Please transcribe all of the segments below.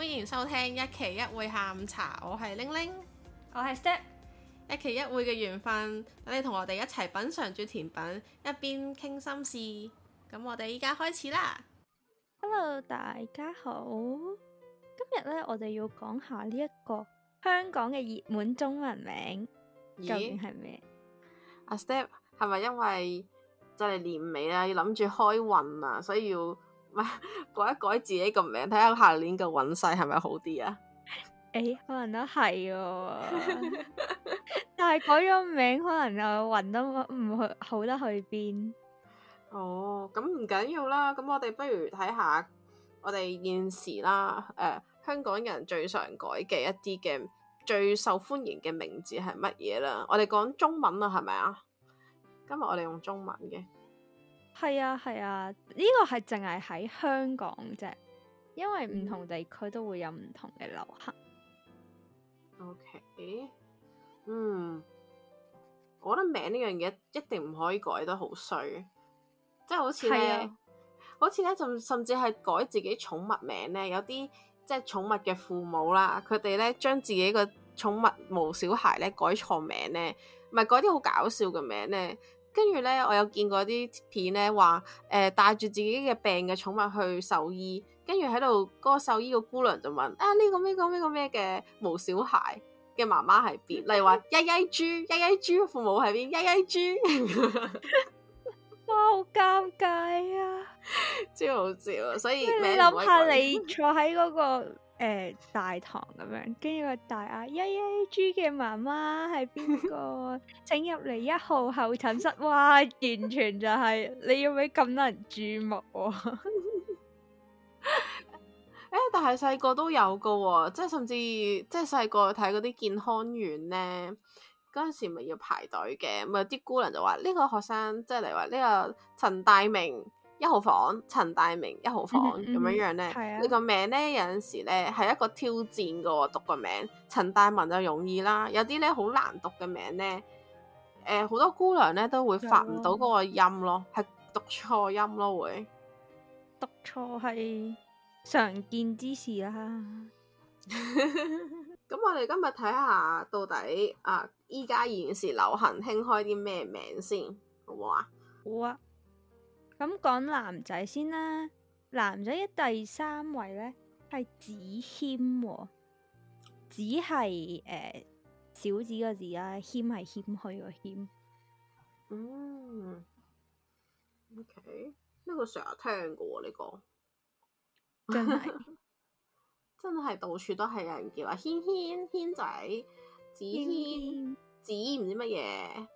歡迎收聽一期一會下午茶，我係玲玲，我係 Step，一期一會嘅緣分，等你同我哋一齊品嘗住甜品，一邊傾心事。咁我哋依家開始啦。Hello，大家好。今日呢，我哋要講下呢、這、一個香港嘅熱門中文名，咦究竟係咩？阿 Step 係咪因為就嚟、是、年尾啦，要諗住開運啊，所以要？唔係 改一改自己個名，睇下下年嘅運勢係咪好啲啊？誒、欸，可能都係、啊， 但係改咗名，可能又運都唔去好得去邊？哦，咁唔緊要啦，咁我哋不如睇下我哋現時啦，誒、呃，香港人最常改嘅一啲嘅最受歡迎嘅名字係乜嘢啦？我哋講中文啦，係咪啊？今日我哋用中文嘅。係啊，係啊，呢、這個係淨係喺香港啫，因為唔同地區都會有唔同嘅流行。O、okay. K，嗯，我覺得名呢樣嘢一定唔可以改得好衰，即係好似咧，啊、好似咧，甚甚至係改自己寵物名咧，有啲即係寵物嘅父母啦，佢哋咧將自己個寵物毛小孩咧改錯名咧，唔係改啲好搞笑嘅名咧。跟住咧，我有見過啲片咧，話、呃、誒帶住自己嘅病嘅寵物去獸醫，跟住喺度嗰個獸醫個姑娘就問：啊呢、呢個咩、呢個咩、呢個咩嘅、呢個呢個呢個、毛小孩嘅媽媽喺邊？例如話：曳曳豬，曳曳豬父母喺邊？曳曳豬，哇，好尷尬啊！超好笑，所以，以 你諗下你坐喺嗰、嗰個。誒、呃、大堂咁樣，跟住個大嗌一一 G 嘅媽媽係邊個？ 請入嚟一號候診室。哇！完全就係、是、 你要咪咁多人注目喎？誒、 欸，但係細個都有嘅喎、哦，即係甚至即係細個睇嗰啲健康院咧，嗰陣時咪要排隊嘅，咪啲姑娘就話呢、呢個學生即係例如話呢個陳大明。一號房，陳大明一號房咁，嗯嗯、樣樣咧，啊、你個名咧有陣時咧係一個挑戰噶喎，讀個名，陳大文就容易啦，有啲咧好難讀嘅名咧，誒、呃、好多姑娘咧都會發唔到嗰個音咯，係、啊、讀錯音咯會讀錯係常見之事啊。咁 我哋今日睇下到底啊依家現，現時流行興開啲咩名先，好唔好，好啊？好啊！咁講男仔先啦，男仔一第三位咧係子軒喎，子係、呃、小子嘅子啊。軒係軒去嘅軒。嗯，OK，呢個成日聽過喎呢個，真係真係到處都係有人叫啊軒軒軒仔，子軒子唔軒知乜嘢，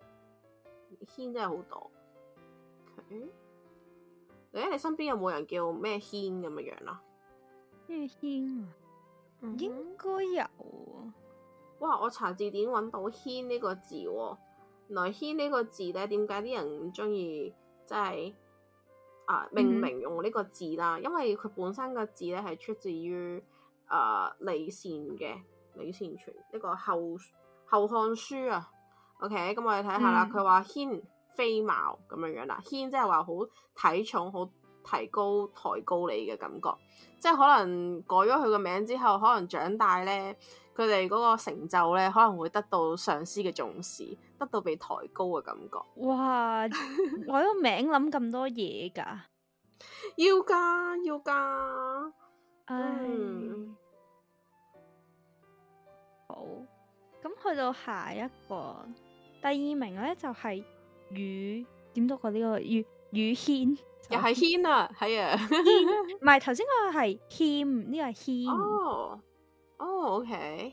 軒真係好多。Okay. 嚟咧，你身邊有冇人叫咩軒咁嘅樣啊？咩軒啊？應該有啊！哇，我查字典揾到軒呢個字喎、哦，原來軒呢個字呢，睇下點解啲人唔中意即係啊命名用呢個字啦，嗯、因為佢本身個字咧係出自於啊李、呃、善嘅《李善傳》呢個後《後後漢書》啊。OK，咁我哋睇下啦，佢話軒。飛毛咁樣樣啦，軒即係話好體重好提高抬高你嘅感覺，即係可能改咗佢個名之後，可能長大咧，佢哋嗰個成就咧可能會得到上司嘅重視，得到被抬高嘅感覺。哇！改 個名諗咁多嘢㗎？ 要㗎，要㗎、uh, 嗯。唉，好。咁去到下一個第二名咧，就係、是。魚點都過呢、這個魚魚軒又係軒啊，係啊唔係頭先個係謙，呢、這個係軒哦哦，OK，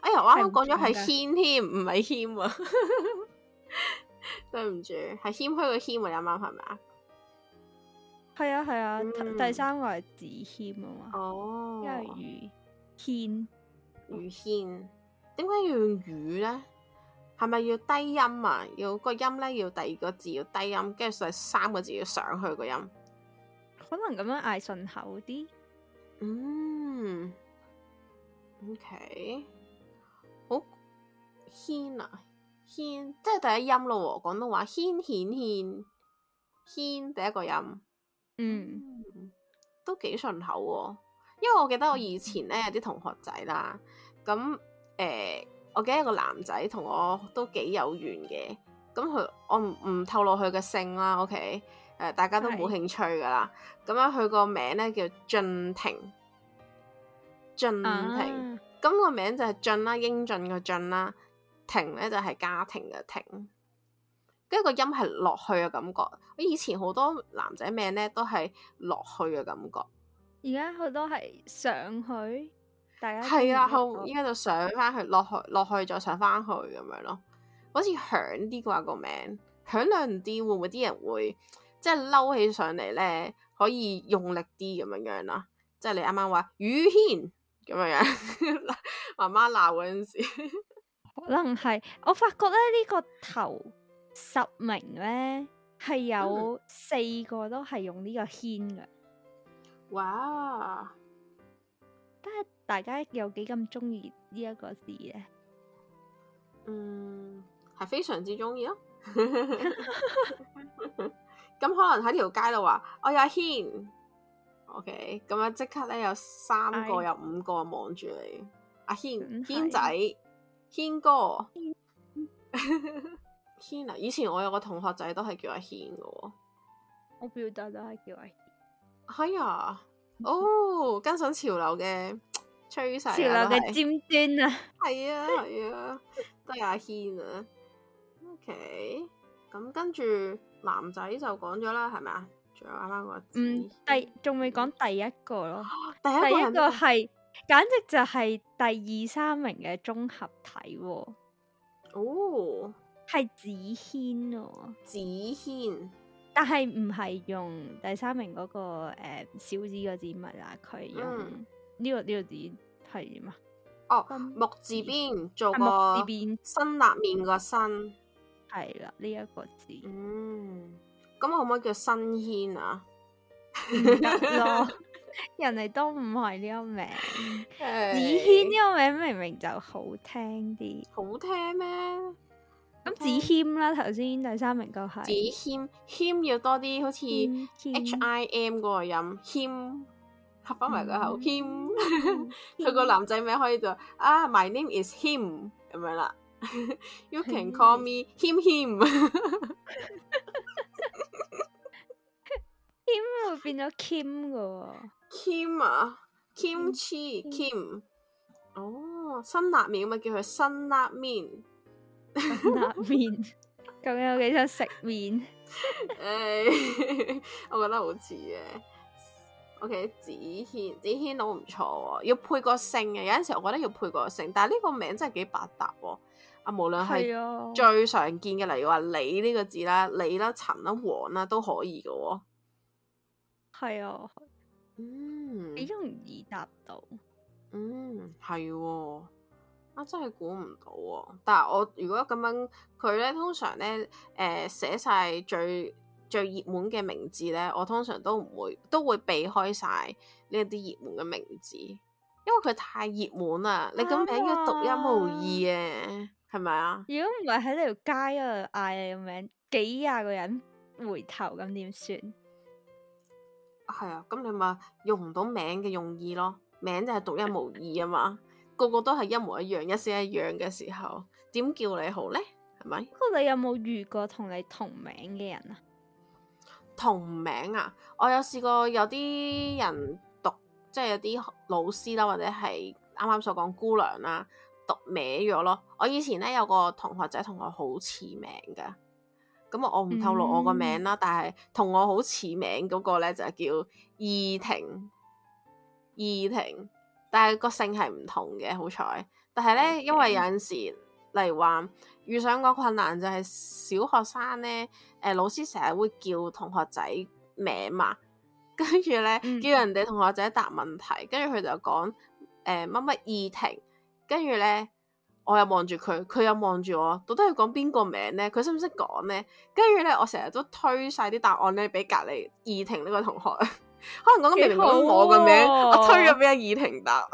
哎呀，我啱啱講咗係軒軒，唔係謙啊， 對唔住，係謙虛個謙啊，啱啱係嘛？係啊係啊，啊嗯、第三個係子軒啊嘛，哦、oh,！因為魚軒魚軒，點解要用魚咧？係咪要低音啊？要，嗰個音咧，要第二個字要低音，跟住再三個字要上去個音，可能咁樣嗌順口啲。嗯，OK，好，軒啊，軒，即係第一音咯喎，廣東話軒顯軒，軒第一個音，嗯，嗯，都幾順口喎，啊。因為我記得我以前咧有啲同學仔啦，咁誒。欸我記得一個男仔同我都幾有緣嘅，咁佢我唔透露佢嘅姓啦，OK，誒、呃、大家都冇興趣噶啦，咁樣佢個名咧叫俊廷，俊廷，咁個名就係俊啦，英俊嘅俊啦，廷咧就係家庭嘅廷，跟、那、住個音係落去嘅感覺，以前好多男仔名咧都係落去嘅感覺，而家好多係上去。係啦，大家後依家就上翻去，落去落去再上翻去咁樣咯，好似響啲啩個名，響亮啲，會唔會啲人會即係嬲起上嚟咧？可以用力啲咁樣樣、啊、啦，即係你啱啱話宇軒咁樣樣，媽媽鬧嗰陣時，可能係我發覺咧呢、這個頭十名咧係有四個都係用呢個軒嘅、嗯，哇！但係。大家有幾咁中意呢一個事？咧？嗯，係非常之中意咯。咁可能喺條街度話，我阿軒，OK，咁樣即刻咧有三個，I 有五個望住你，哎、阿軒卿軒仔，軒哥，軒啊天！ 以前我有個同學仔都係叫阿軒㗎，我表弟都係叫阿軒，係啊、 哎，哦、oh,，跟上潮流嘅。吹晒啦！潮流嘅尖端啊，係啊係啊，都阿軒啊。OK，咁跟住男仔就講咗啦，係咪啊？仲有啱啱個嗯第仲未講第一個咯，第一個係簡直就係第二三名嘅綜合體。哦，係子軒哦，子軒，但係唔係用第三名嗰個誒小子個字物啊，佢用。呢個呢個字係嘛？哦，木字邊做木字邊，新立面個新，係啦呢一個字。嗯，咁可唔可以叫新軒啊？唔得咯，人哋都唔係呢個名。子軒呢個名明明就好聽啲，好聽咩？咁子軒啦，頭先第三名就係子軒，軒要多啲好似 H I M 嗰個音軒。合翻埋個口，him，佢個男仔名可以做啊，my name is him 咁樣啦，you can call me him him，him 會變咗 kim 噶喎，kim 啊，kim chi，kim，哦，辛辣麵啊嘛，叫佢辛辣麵，辛辣麵，咁有幾出食麵，誒，我覺得好似嘅。O.K. 子軒子軒都唔錯，要配個姓嘅、啊。有陣時我覺得要配個姓，但係呢個名真係幾百搭、哦。啊，無論係最常見嘅，例如話李呢個字啦、李啦、陳啦、王啦，都可以嘅、哦。係啊，嗯，幾容易答到。嗯，係啊、哦，我真係估唔到啊、哦！但係我如果咁樣，佢咧通常咧，誒、呃，寫晒最。最熱門嘅名字呢，我通常都唔會都會避開晒呢一啲熱門嘅名字，因為佢太熱門啦。你咁名叫「獨一無二」嘅，係咪啊？啊哇吧如果唔係喺條街嗰度嗌你嘅名，幾廿個人回頭咁點算？係啊，咁你咪用唔到名嘅用意咯。名就係獨一無二啊嘛， 個個都係一模一樣，一式一樣嘅時候，點叫你好呢？係咪？不過你有冇遇過同你同名嘅人啊？同名啊！我有試過有啲人讀，即係有啲老師啦，或者係啱啱所講姑娘啦，讀歪咗咯。我以前咧有個同學仔同學我好似名嘅，咁啊我唔透露我名、嗯、名個名啦，但係同我好似名嗰個咧就叫依婷，依婷，但係個姓係唔同嘅，好彩。但係咧，因為有陣時例如話遇上個困難就係小學生咧。誒、呃，老師成日會叫同學仔名嘛，跟住咧叫人哋同學仔答問題，嗯、跟住佢就講誒乜乜義婷，跟住咧我又望住佢，佢又望住我，到底要講邊個名咧？佢識唔識講咧？跟住咧，我成日都推晒啲答案咧俾隔籬義婷呢個同學，可能講得明明講我嘅名，啊、我推咗俾阿義婷答，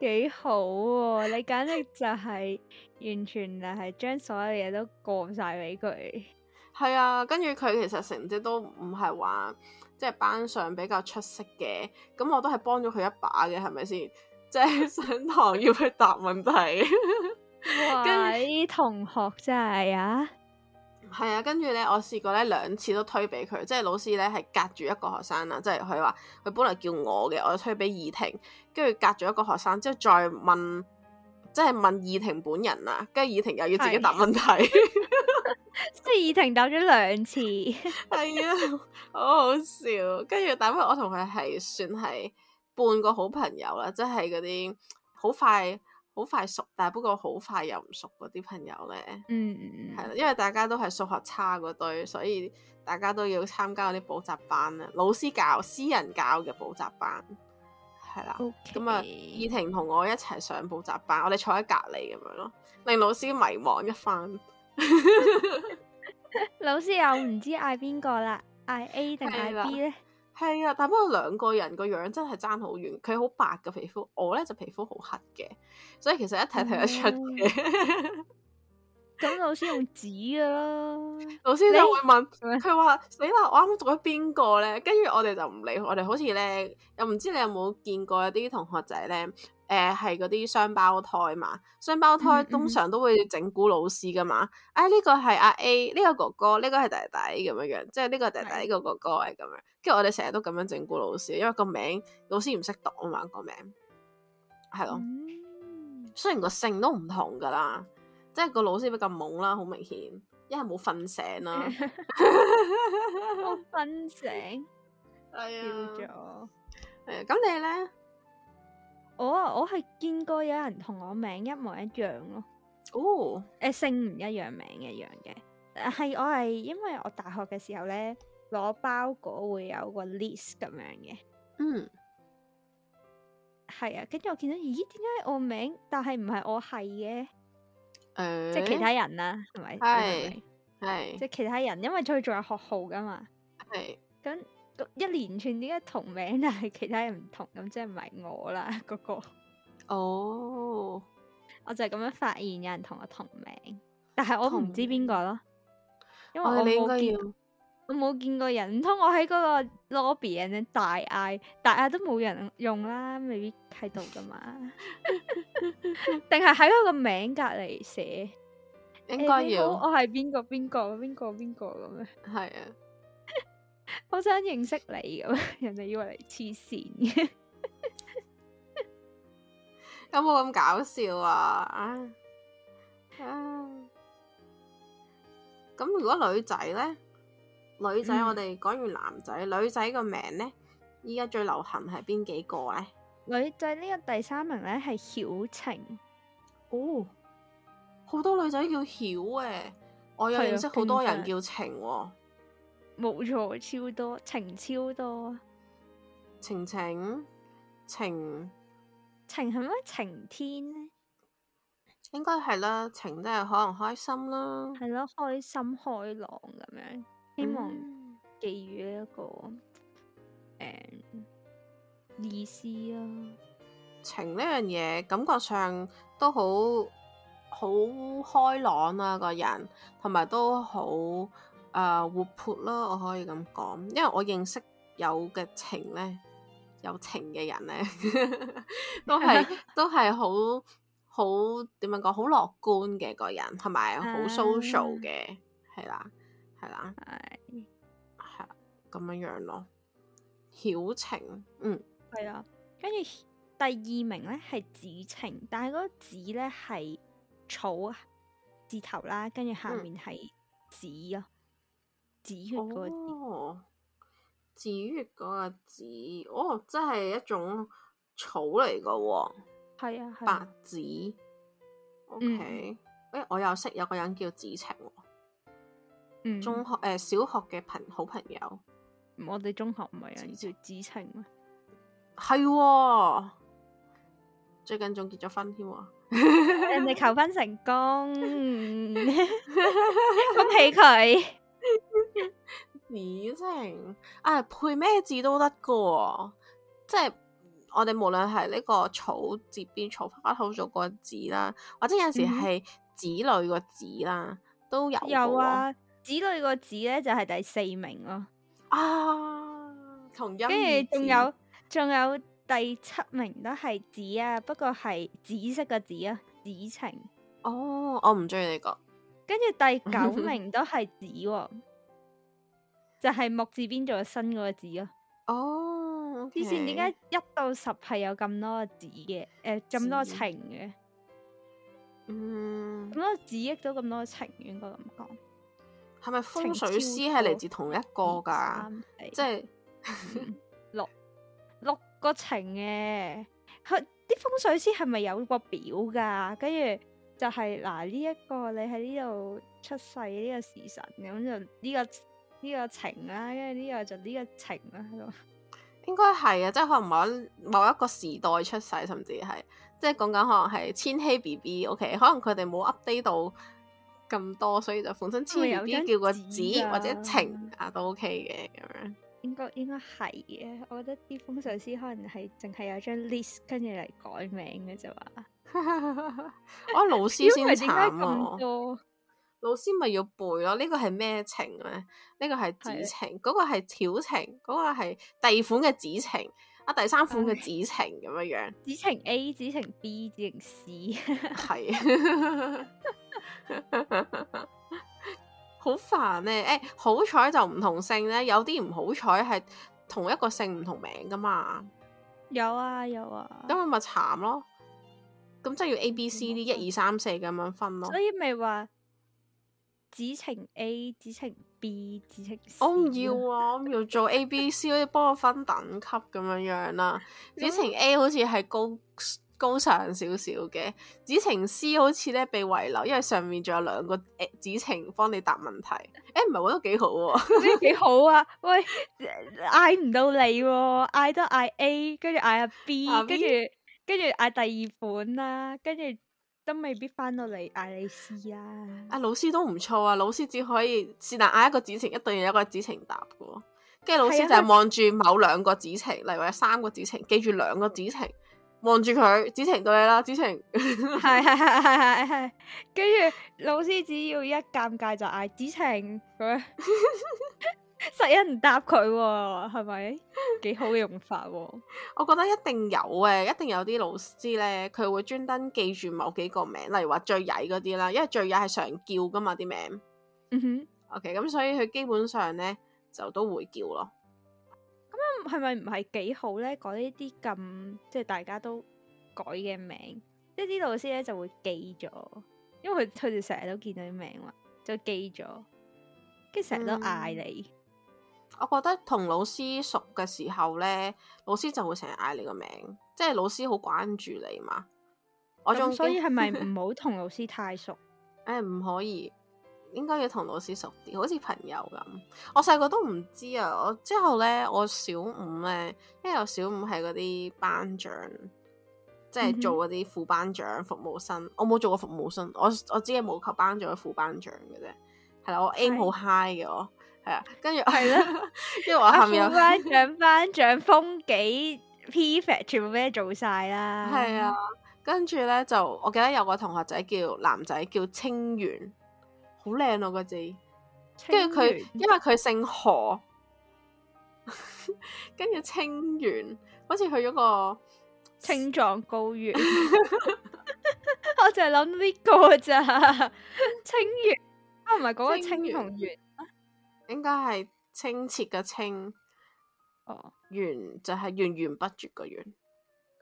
幾好喎、啊！你簡直就係、是、 完全就係將所有嘢都過晒俾佢。係啊，跟住佢其實成績都唔係話即係班上比較出色嘅，咁我都係幫咗佢一把嘅，係咪先？即係上堂要去答問題，位 喂後同學真係啊，係啊，跟住咧我試過咧兩次都推俾佢，即係老師咧係隔住一個學生啦，即係佢話佢本來叫我嘅，我推俾二婷，跟住隔住一個學生之後再問，即係問二婷本人啦，跟住二婷又要自己答問題。是 即係怡婷打咗兩次，係 啊、 哎，好好笑。跟住，但係我同佢係算係半個好朋友啦，即係嗰啲好快好快熟，但係不過好快又唔熟嗰啲朋友咧。嗯嗯嗯，係啦，因為大家都係數學差嗰堆，所以大家都要參加啲補習班啦。老師教、私人教嘅補習班，係啦。咁啊，怡婷同我一齊上補習班，我哋坐喺隔籬咁樣咯，令老師迷茫一番。 老師又唔知嗌邊個啦，嗌 A 定嗌 B 咧？係啊，但不過兩個人個樣真係爭好遠，佢好白嘅皮膚，我咧就皮膚好黑嘅，所以其實一睇睇得出嘅。咁 老師用紙噶啦，老師就會問佢，話你話，我啱啱讀咗邊個咧？跟住我哋就唔理，我哋好似咧又唔知你有冇見過有啲同學仔咧。誒係嗰啲雙胞胎嘛，雙胞胎通常都會整蠱老師噶嘛。啊呢、mm hmm, 哎呢個係阿 A，呢、呢個哥哥，呢、呢個係弟弟咁樣樣，即係呢個弟弟呢、呢個哥哥咁樣。跟住我哋成日都咁樣整蠱老師 hero,，因、那、為個名老師唔識讀啊嘛，個名係咯。雖然個姓都唔同噶啦，即係個老師比較懵啦，好明顯，因為冇瞓醒啦，瞓醒叫咗。誒咁你咧？Oh, 我我係見過有人同我名一模一樣咯，哦，誒姓唔一樣名一,一樣嘅，係我係因為我大學嘅時候咧攞包裹會有個 list 咁樣嘅，嗯，係啊，跟住我見到咦，點解係我名但係唔係我係嘅，誒，Hey. 即係其他人啦，啊，係咪？係係即係其他人，因為佢仲有學號噶嘛，係咁 Hey.。一連串點解同名但係其他人唔同咁，即係唔係我啦嗰、那個哦，oh. 我就係咁樣發現有人同我同名，但係我唔知邊個咯，名因為我冇見、oh, 我冇見,見過人，唔通我喺嗰個 lobby 嘅大嗌，大 I 都冇人用啦，未必喺度噶嘛，定係喺嗰個名隔籬寫，應該要、哎、我係邊個邊個邊個邊個咁嘅，係啊。 我想認識你咁，人哋以為你黐線嘅，有冇咁搞笑啊！啊，咁如果女仔咧，女仔我哋講完男仔，嗯、女仔個名咧，依家最流行係邊幾個咧？女仔呢個第三名咧係曉晴，哦，好多女仔叫曉誒，我有認識好多人叫晴、哦。冇錯，超多晴超多啊！晴晴晴晴係咩？晴天呢？應該係啦。晴即係可能開心啦，係咯，開心開朗咁樣，希望寄予一個、嗯嗯、意思啊。晴呢樣嘢感覺上都好好開朗啊，個人同埋都好。誒，活潑咯，我可以咁講，因為我認識有嘅情咧，有情嘅人咧， 都係是 都係好好點樣講，好樂觀嘅個人，同埋好 social 嘅，係啦，係啦，係係咁樣樣咯。曉晴，嗯，係啊，跟住第二名咧係紫晴，但係嗰個紫咧係草字頭啦，跟住下面係紫、嗯。啊。紫、哦、月嗰個字，紫月嗰個字，哦，真係一種草嚟噶，係啊，啊白芷 O K，誒，我又識有個人叫紫晴，中學誒、呃，小學嘅朋好朋友，嗯、我哋中學唔係啊，叫紫晴，係、哦、最近仲結咗婚添啊，人哋求婚成功，恭喜佢。 紫情啊，配咩字都得嘅，即係我哋無論係呢個草字邊草花頭組個字啦，或者有陣時係子女個子啦，都有有啊。子女個子咧就係、是、第四名咯、哦，啊，同音，跟住仲有仲有第七名都係紫啊，不過係紫色嘅紫啊，紫情哦，我唔中意呢個。跟住第九名都係紫、啊。 就係木字邊做新嗰個字咯。哦，oh, okay. 之前點解一到十係有咁多個字嘅？誒、呃，咁字多情嘅，嗯，咁多字益咗咁多情，應該咁講。係咪風水師係嚟自同一個噶？即係、就是嗯、六六個情嘅。佢啲 風水師係咪有個表噶？跟住就係嗱呢一個你喺呢度出世呢、這個時辰咁就呢、這個。呢個情啦、啊，因為呢個就呢、呢個情啦、啊，喺 度應該係啊，即係可能某一某一個時代出世，甚至係即係講緊可能係千禧 B B OK?，可能佢哋冇 update 到咁多，所以就本身千禧 B B 叫個子，或者情啊都 O K 嘅咁樣應，應該應該係嘅，我覺得啲風水師可能係淨係有張 list 跟住嚟改名嘅啫嘛，啊、 哦、老師先慘、啊 老師咪要背咯，這個、呢、這個係咩情咧？呢 個係子情，嗰、那個係條情，嗰個係第二款嘅子情，啊第三款嘅子情咁樣樣。子情 A、子情 B、子情 C。係、 啊，欸、好煩咧！誒，好彩就唔同姓咧，有啲唔好彩係同一個姓唔同名噶嘛。有啊，有啊。咁咪咪慘咯，咁即係要 A、 B、C D 一二三四咁樣分咯。所以咪話。子情 A、子情 B 子情 C、子情，我唔要啊！我唔要做 A、 B、C，你幫我分等級咁樣樣、啊、啦。子情 A 好似係高高尚少少嘅，子情 C 好似咧被遺留，因為上面仲有兩個誒子、欸、情幫你答問題。誒、欸，唔係我覺得幾好、啊，呢幾 好啊！喂，嗌唔到你、啊，嗌都嗌 A，跟住嗌下 B，跟住跟住嗌第二款啦、啊，跟住。都未必翻到嚟嗌你試啊！啊，老師都唔錯啊，老師只可以是但嗌一個梓晴，一定要有一個梓晴答嘅，跟住老師、啊、就係望住某兩個梓晴，他例如有三個梓晴，記住兩個梓晴，望住佢梓晴到你啦，梓晴係係係係係，跟 住老師只要一尷尬就嗌梓晴 實人唔答佢喎、哦，係咪？幾 好嘅用法喎、哦？ 我覺得一定有嘅，一定有啲老師咧，佢會專登記住某幾個名，例如話最曳嗰啲啦，因為最曳係常叫㗎嘛啲名。嗯哼，OK，咁所以佢基本上咧就都會叫咯。咁樣係咪唔係幾好咧？改呢啲咁即係大家都改嘅名，即、就、啲、是、老師咧就會記咗，因為佢佢哋成日都見到啲名嘛，就記咗，跟住成日都嗌你。嗯我覺得同老師熟嘅時候咧，老師就會成日嗌你個名，即係老師好關注你嘛。我仲所以係咪唔好同老師太熟？誒、 欸，唔可以，應該要同老師熟啲，好似朋友咁。我細個都唔知啊。我之後咧，我小五咧，因為我小五係嗰啲班長，即係做嗰啲副班長服務生。嗯、哼我冇做過服務生，我我只係冇求班長副班長嘅啫。係啦，我 aim 好 high 嘅我。跟住係啦，因為 後 我下面班長班長風紀 perfect，全部咩做晒啦。係 啊，跟住咧就，我記得有個同學仔叫男仔叫清源，好、這、靚、個、啊。個字元。跟住佢，因為佢姓何，跟住清源，好似去咗個青藏高原。 我淨係諗呢個咋，清源，啊唔係嗰個青銅月。應該係清澈嘅清，哦、oh.，源就係源源不絕嘅源。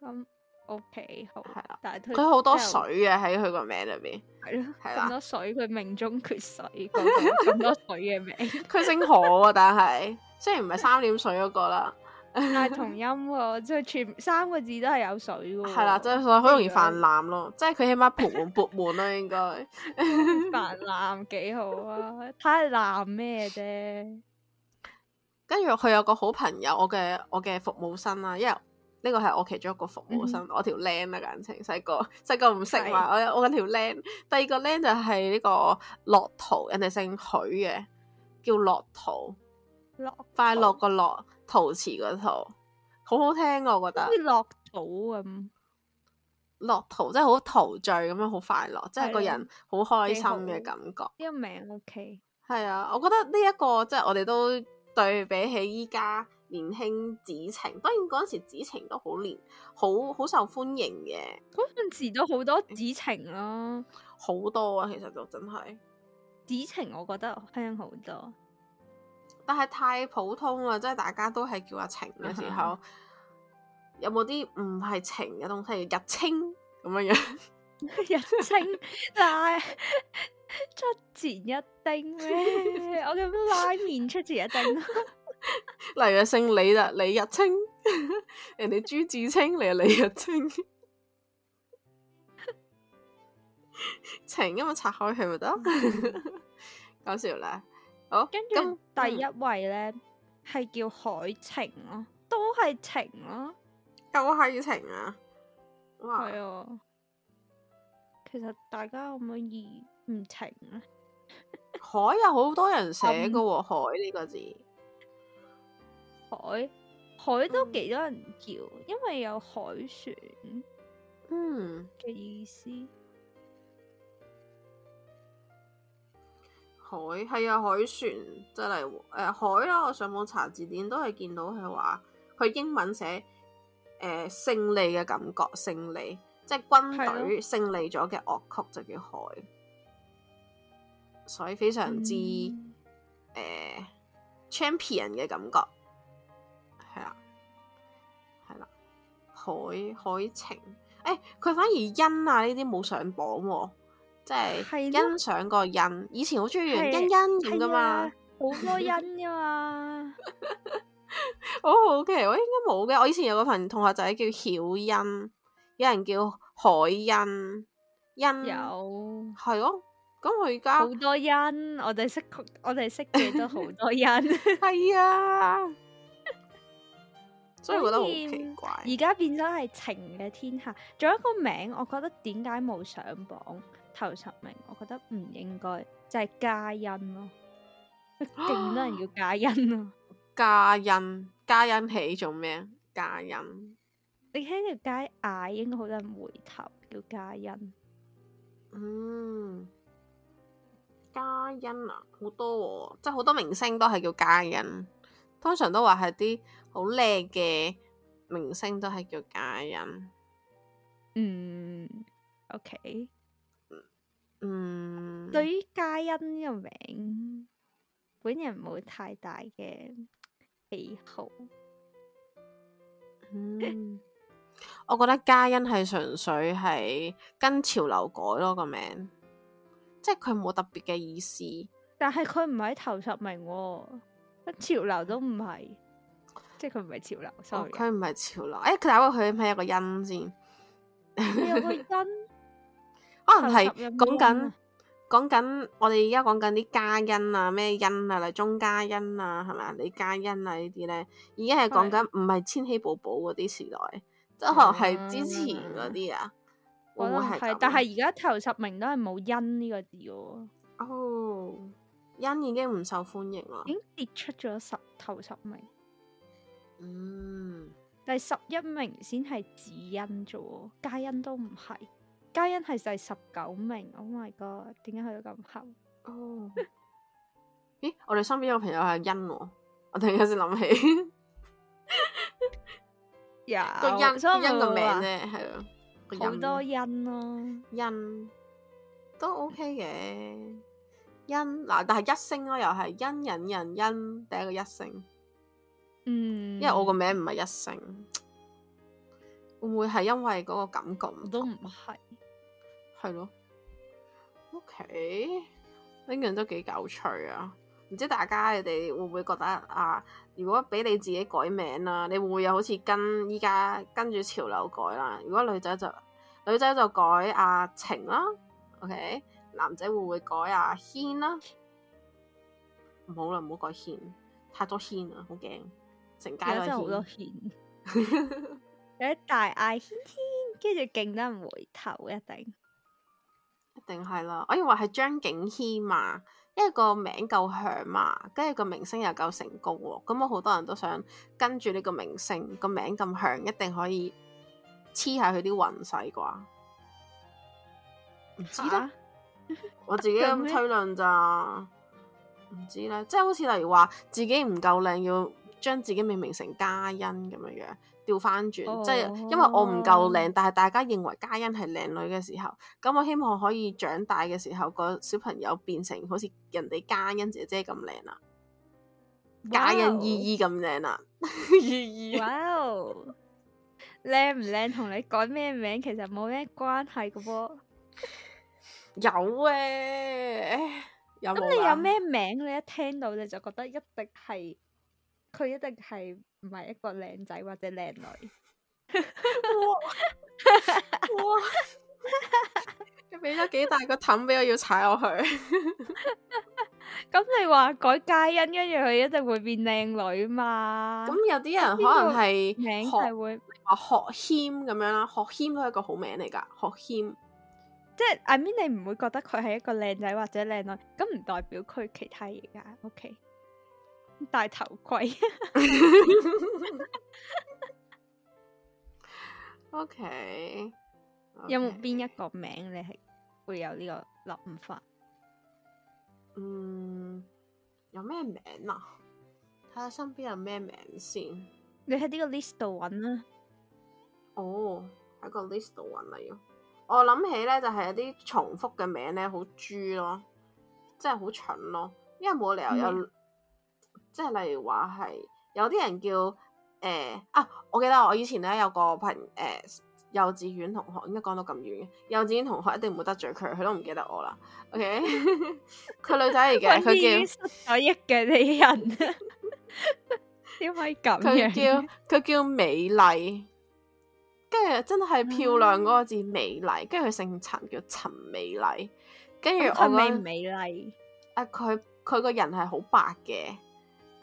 咁、嗯、OK，好係啦，的但係佢好多水嘅，喺佢個名裏邊，係咯的，係啦的，咁多水，佢命中缺水，咁、那個、 多水嘅名，佢姓何，啊，但係雖然唔係三點水嗰個啦。 係 同音喎，即係全三個字都係有水嘅。係啦，即係所以好容易泛濫咯，即係佢起碼盆滿缽滿啦，應該泛濫幾好啊，睇下濫咩啫。跟住佢有個好朋友，我嘅我嘅服務生啦、啊，因為呢個係我其中一個服務生， 我條僆啊，簡情細個細個唔識話，我我搵條僆。第二個僆就係呢個樂圖，人哋姓許嘅，叫樂圖，樂圖快樂個樂。陶瓷嗰套好好聽，我覺得好似樂土咁，樂陶即係好陶醉咁樣，好快樂，的即係個人好開心嘅感覺。呢個名 O K，係啊，我覺得呢、這、一個即係我哋都對比起依家年輕子晴，當然嗰陣時子晴都好年好好受歡迎嘅，嗰陣時都好多子晴咯、啊欸，好多啊，其實就真係子晴，我覺得聽好多。但係太普通啦，即係大家都係叫阿晴嘅時候， 有冇啲唔係晴嘅東西？日清咁樣樣， 日清但係，出前一丁咩？我叫拉麵出前一丁， 例如姓李啦，李日清，人哋朱自清，你又李日清，晴咁樣拆開佢咪得？ 搞笑啦～跟住第一位咧，係、嗯、叫海情咯、啊，都係情咯，都係情啊，係啊， 其實大家可唔可以唔情咧、啊？ 海有好多人寫噶、啊，嗯、海呢個字，海海都幾多人叫，嗯、因為有海船，嗯嘅意思。嗯海係啊，海旋即係誒海啦。我上網查字典都係見到佢話，佢英文寫誒、呃、勝利嘅感覺，勝利即係軍隊勝利咗嘅樂曲就叫海，所以非常之誒、嗯呃、champion 嘅感覺係啊係啦、啊，海海情誒，佢、欸、反而欣啊呢啲冇上榜喎、啊。即係欣賞個欣，以前好中意袁欣欣咁噶嘛，好多欣噶嘛，好好奇，我應該冇嘅。我以前有個朋同學仔叫曉欣，有人叫海欣，欣有係咯，咁佢而家好多欣，我哋識我哋識嘅都好多欣，係啊，所以覺得好奇怪。而家變咗係情嘅天下，仲有一個名，我覺得點解冇上榜？頭十名，我覺得唔應該，就係嘉欣咯，勁多人叫嘉欣咯。嘉欣，啊，嘉欣起做咩啊？嘉欣，你喺條街嗌，應該好多人回頭叫嘉欣。嗯，嘉欣啊，好多，哦，即係好多明星都係叫嘉欣，通常都話係啲好靚嘅明星都係叫嘉欣。嗯，OK。嗯，對於嘉欣呢個名，本人冇太大嘅喜好。嗯， 我覺得嘉欣係純粹係跟潮流改咯，這個名，即係佢冇特別嘅意思。但係佢唔係頭十名，哦，乜潮流都唔係，即係佢唔係潮流。sorry，佢唔係潮流。哎，佢打過佢係一有個音先。有個音。 可能係，講緊講緊，我哋而家講緊啲嘉欣啊，咩欣啊，嚟鍾嘉欣啊，係咪啊？李嘉欣啊呢啲咧，已經係講緊唔係千禧寶寶嗰啲時代，即的可能係之前嗰啲啊，會唔會係？但係而家頭十名都係冇欣呢個字嘅。哦，欣已經唔受歡迎啦，已經跌出咗十頭十名，嗯，第十一名先係子欣啫，嘉欣都唔係。嘉欣係第十九名，Oh my God！點解去到咁後？哦，咦？我哋身邊有個朋友係欣，我突然間先諗起，有個欣欣個名咧，係咯好多欣咯，欣都 OK 嘅，欣嗱，但係一聲咯，又係欣人人欣第一個一聲，嗯，因為我個名唔係一聲，會唔會係因為嗰個感覺？我都唔係。係咯，OK，呢樣都幾搞趣啊！唔知大家你哋會唔會覺得啊？如果俾你自己改名啊，你會唔會又好似跟依家跟住潮流改啦？如果女仔就女仔就改阿晴啦，OK，男仔會唔會改阿軒啦？唔、啊啊、好啦，唔好改軒，太多軒啊，好驚，成街都好多軒， 有一大嗌軒軒，跟住勁得唔回頭一定。定係啦，我以為係張敬軒嘛，因為個名夠響嘛，跟住個明星又夠成功喎、啊，咁我好多人都想跟住呢個明星個名咁響，一定可以黐下佢啲運勢啩。唔知得，啊、我自己咁推論咋，唔 麼知咧，即係好似例如話自己唔夠靚要。將自己命名成嘉欣咁樣樣調翻轉，oh. 即係因為我唔夠靚，但係大家認為嘉欣係靚女嘅時候，咁我希望可以長大嘅時候，個小朋友變成好似人哋嘉欣姐姐咁靚啦，嘉欣姨姨咁靚啦，姨姨 Wow. wow.，哇哦，靚唔靚同你改咩名其實冇咩關係嘅噃，有、有、有啊，有咁你有咩名你一聽到你就覺得一定係。佢一定係唔係一個靚仔或者靚女？ 哇！哇！俾咗幾大個氹俾我要踩落去。咁 你話改嘉欣，跟住佢一定會變靚女嘛？咁、嗯、有啲人可能係名係會，或學謙咁樣啦。學謙都係一個好名嚟噶。學謙，即係阿 min 你唔會覺得佢係一個靚仔或者靚女？咁唔代表佢其他嘢噶。OK。大頭盔 ，OK, okay。有冇邊一個名你係會有呢個諗法？嗯，有咩名啊？睇下身邊有咩名先。你喺呢個 list 度揾啦。哦，喺個 list 度揾嚟要。我諗起咧，就係有啲重複嘅名咧，好豬咯，真係好蠢咯，因為冇理由有、mm。Hmm. 即係例如話係有啲人叫誒、欸、啊，我記得我以前咧有個朋誒、欸、幼稚園同學，點解講到咁遠嘅幼稚園同學一定唔會得罪佢，佢都唔記得我啦。OK，佢 女仔嚟嘅，佢 叫我益嘅呢人，點 可以咁樣？佢叫佢叫美麗，跟住真係漂亮嗰個字美麗，跟住佢姓陳叫陳美麗，跟住佢美美麗啊，佢佢個人係好白嘅。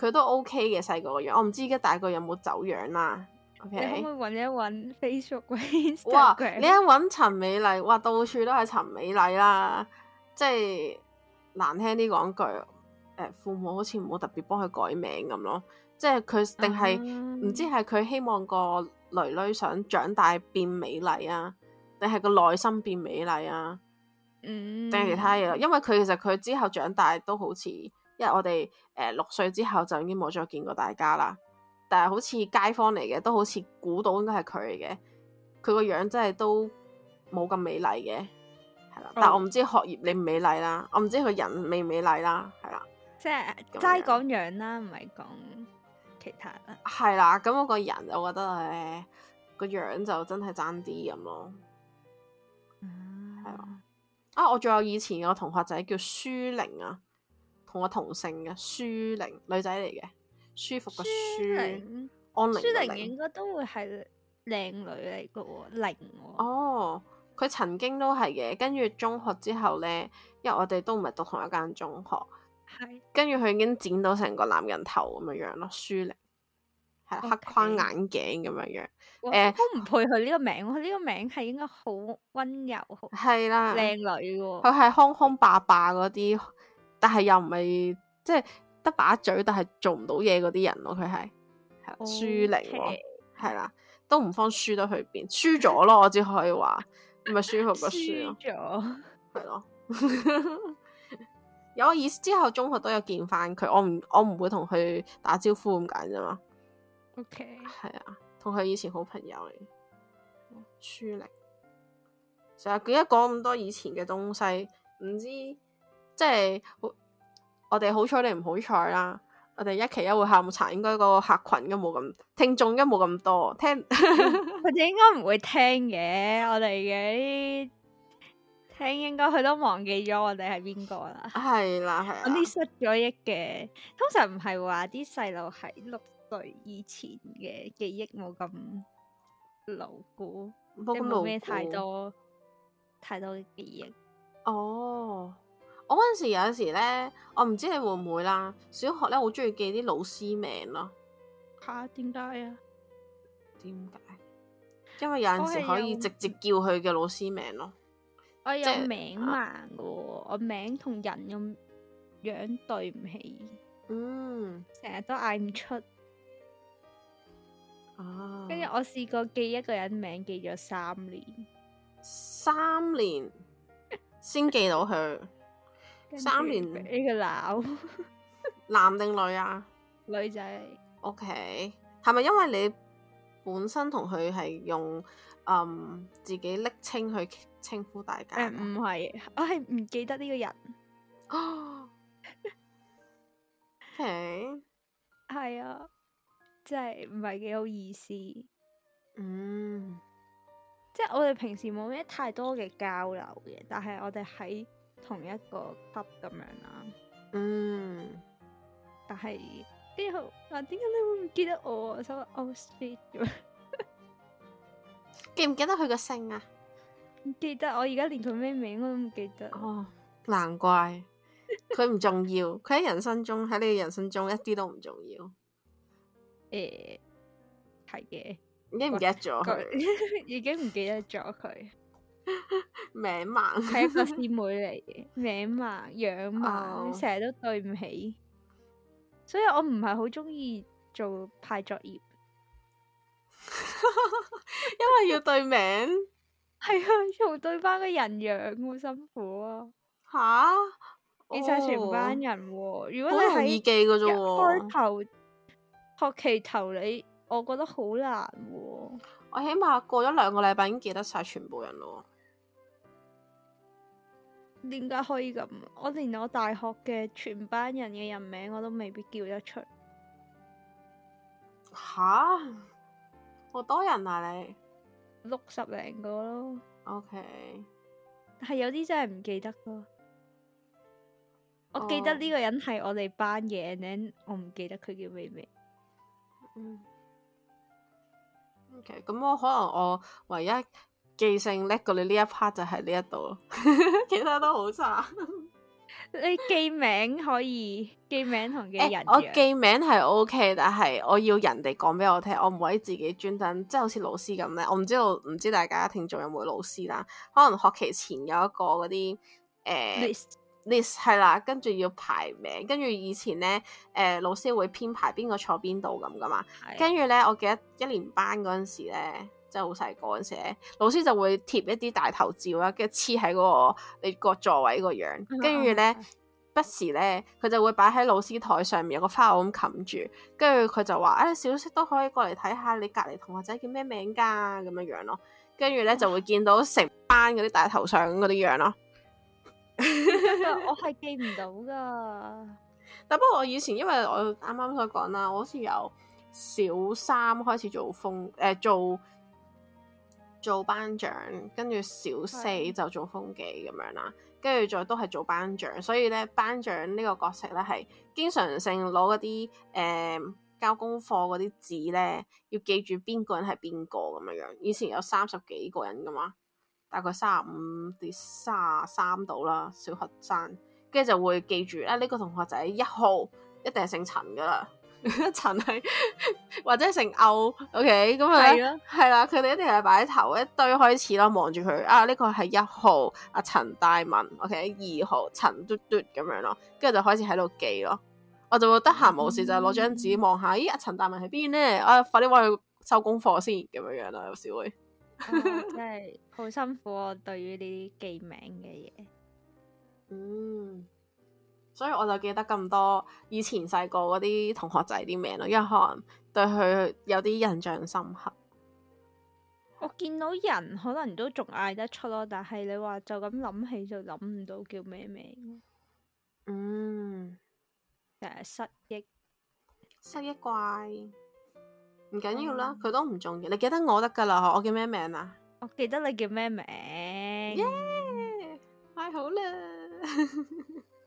佢都 OK 嘅，細個個樣，我唔知依家大個有冇走樣啦、啊。O K，你可唔可以揾一揾 Facebook？哇！你一揾陳美麗，哇，到處都係陳美麗啦。即係難聽啲講句、欸，父母好似唔會特別幫佢改名咁咯。即係佢定係唔知係佢希望個女女想長大變美麗啊，定係個內心變美麗啊？定係、um、其他嘢。因為佢其實佢之後長大都好似。因為我哋誒六歲之後就已經冇再見過大家啦，但係好似街坊嚟嘅，都好似估到應該係佢嘅，佢個樣真係都冇咁美麗嘅，係啦。哦、但係我唔知學業你唔美麗啦，我唔知佢人美唔美麗啦，係是樣啦。即係齋講樣啦，唔係講其他啦。係啦，咁我個人我覺得咧個樣就真係爭啲咁咯，係咯。嗯、啊，我仲有以前個同學仔叫舒玲啊。同我同姓嘅舒玲，女仔嚟嘅，舒服嘅舒，寧舒，安玲。舒玲應該都會係靚女嚟嘅喎，玲。哦，佢、哦哦、曾經都係嘅，跟住中學之後咧，因為我哋都唔係讀同一間中學，係是。跟住佢已經剪到成個男人頭咁樣樣咯，舒玲，係黑框眼鏡咁樣樣。誒 Okay.、呃，都唔配佢呢個名，佢呢個名係應該好溫柔，係啦，靚女。佢係空空霸霸嗰啲。但係又唔係即係得把嘴，但係做唔到嘢嗰啲人咯，佢係係輸嚟，係啦，都唔方輸得去邊，輸咗咯，我只可以話唔係舒服過輸咗，係了對咯， 有我意思之後中學都有見翻佢，我唔我唔會同佢打招呼咁解啫嘛，OK，係啊，同佢以前好朋友嚟。輸嚟，成日佢一講咁多以前嘅東西，唔知。即係我哋好彩你唔好彩啦！我哋一期一會下午茶，應該嗰個客群應該冇咁聽眾，應該冇咁多聽，佢哋 應該唔會聽嘅。我哋嘅啲聽，應該佢都忘記咗我哋係邊個啦。係啦，係我哋失咗憶嘅。通常唔係話啲細路喺六歲以前嘅記憶冇咁牢固，冇咩太多太多嘅記憶哦。Oh. 我嗰陣時有陣時咧，我唔知你會唔會啦。小學咧好中意記啲老師名咯。吓？點解啊？點解？因為有陣時可以直接叫佢嘅老師名咯。我有名盲噶，我名同人咁樣對唔起，嗯，成日都嗌唔出。哦、啊。跟住我試過記一個人名，記咗三年，三年 先記到佢。三年俾佢鬧， 男定女啊？女仔生。O K，係咪因為你本身同佢係用嗯自己昵稱去稱呼大家？唔係、欸，我係唔記得呢個人。哦，係，係啊，即係唔係幾好意思。嗯，即係我哋平時冇咩太多嘅交流嘅，但係我哋喺。同一個級咁樣啦、啊，嗯，但係，跟、欸、住，啊，點解你會唔記得我？想話，oh shit，記唔記得佢個姓啊？唔記，記得，我而家連佢咩名我都唔記，記得。哦，難怪，佢唔重要，佢喺 人生中，喺你嘅人生中一啲都唔重要。誒、欸，係嘅，已經唔記得咗佢，已經唔記得咗佢。名盲係一個師妹嚟嘅，名盲樣盲，成日都對唔起，所以我唔係好中意做派作業，因為要對名，係啊，要對班嘅人樣好辛苦啊，吓記晒全班人喎，如果你喺一開頭學期頭，你我覺得好難喎，我起碼過咗兩個禮拜已經記得晒全部人咯。點解可以咁？我連我大學嘅全班人嘅人名我都未必叫得出。吓，好多人啊你，六十零個咯。OK，係有啲真係唔記得咯。我記得呢個人係我哋班嘅，但、oh. 我唔記得佢叫咩名。嗯。OK，咁我可能我唯一。記性叻過你呢一 part 就喺呢一度，其他都好差。 你記名可以記名同記人、欸、人類，我記名係 OK，但係我要人哋講俾我聽，我唔可以自己專登，即、就、係、是、好似老師咁咧。我唔知道唔知道大家聽眾有冇老師啦，可能學期前有一個嗰啲誒 list list 係啦，跟住要排名，跟住以前咧誒、呃、老師會編排邊個坐邊度咁噶嘛，跟住咧我記得一年班嗰陣時咧。即係好細個嗰時，老師就會貼一啲大頭照啦，跟住黐喺嗰個你個座位個樣，跟住咧不時咧佢就會擺喺老師台上面，有個花案咁冚住，跟住佢就話，誒、哎、你小息都可以過嚟睇下你隔離同學仔叫咩名㗎咁樣樣咯。跟住咧就會見到成班嗰啲大頭相嗰啲樣咯。 我係記唔到㗎， 但不過我以前因為我啱啱所講啦，我好似由小三開始做風誒、呃、做。做班長，跟住小四就做風紀咁樣啦，跟住的再都係做班長，所以咧班長呢個角色咧係經常性攞嗰啲誒交功課嗰啲紙咧，要記住邊個人係邊個咁樣樣。以前有三十幾個人噶嘛，大概卅五至卅三度啦，小學生，跟住就會記住啊呢、呢個同學仔一號一定係姓陳噶啦。陳係 或者成歐，OK，咁係係啦，佢哋的一定係擺頭一堆開始咯，望住佢啊，呢個係一號，阿陳大文，OK，二號陳嘟嘟咁樣咯，跟住就開始喺度記咯，我、嗯、就會得閒冇事就攞張紙望下，咦，阿陳大文喺邊呢？啊，快啲搵佢收功課先，咁樣樣咯，有時會，真係好辛苦啊，對於呢啲記名嘅嘢，嗯。所以我就記得咁多以前細個嗰啲同學仔啲名咯，因為可能對佢有啲印象深刻。我見到人可能都仲嗌得出咯，但係你話就咁諗起就諗唔到叫咩名。嗯，誒、啊，失憶，失憶怪，唔緊要啦，佢、嗯、都唔重要。你記得我得噶啦，我叫咩名啊？我記得你叫咩名？耶、yeah!，太好啦！